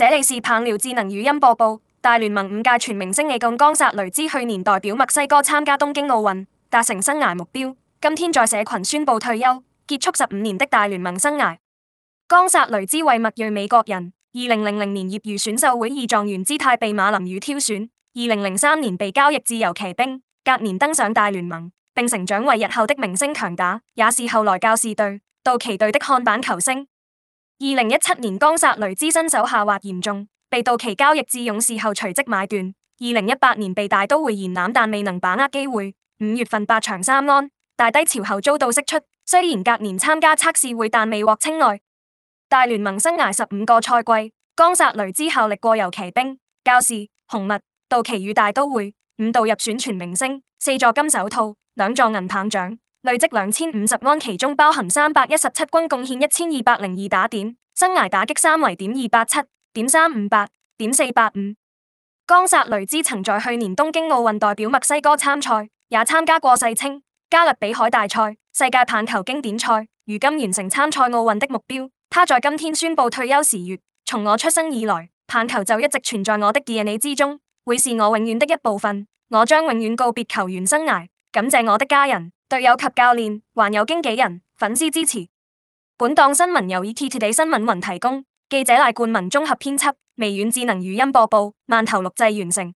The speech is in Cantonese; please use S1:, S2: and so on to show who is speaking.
S1: 這裏是棒聊智能語音播報。大聯盟五屆全明星，A-Gon 岡薩雷茲去年代表墨西哥參加東京奧運，達成生涯目標。今天在社群宣布退休，結束十五年的大聯盟生涯。岡薩雷茲為墨裔美國人，二零零零年業餘選秀會以狀元姿態被馬林魚挑選，二零零三年被交易自由騎兵，隔年登上大聯盟，並成長為日後的明星強打，也是後來教士隊、道奇隊的看板球星。二零一七年，岡薩雷茲身手下滑嚴重，被道奇交易至勇士後隨即買斷。二零一八年被大都會延攬，但未能把握機會。五月份八場三安，大低潮後遭到釋出。雖然隔年參加測試會，但未獲青睞。大聯盟生涯十五個賽季，岡薩雷茲效力過遊騎兵、教士、紅襪、道奇與大都會，五度入選全明星，四座金手套，兩座銀棒獎。累積兩千五十安，其中包含三百一十七軍，貢獻一千二百零二打點，生涯打擊三圍點二八七、點三五八、點四八五。岡薩雷茲曾在去年東京奧運代表墨西哥參賽，也參加過世青、加勒比海大賽、世界棒球經典賽。如今完成參賽奧運的目標，他在今天宣佈退休時說：從我出生以來，棒球就一直存在我的 DNA 之中，會是我永遠的一部分。我將永遠告別球員生涯，感謝我的家人。隊友及教練，還有經紀人、粉絲支持。本檔新聞由 ETtoday 新聞雲提供，記者賴冠文綜合編輯，微軟智能語音播報，曼頭錄製完成。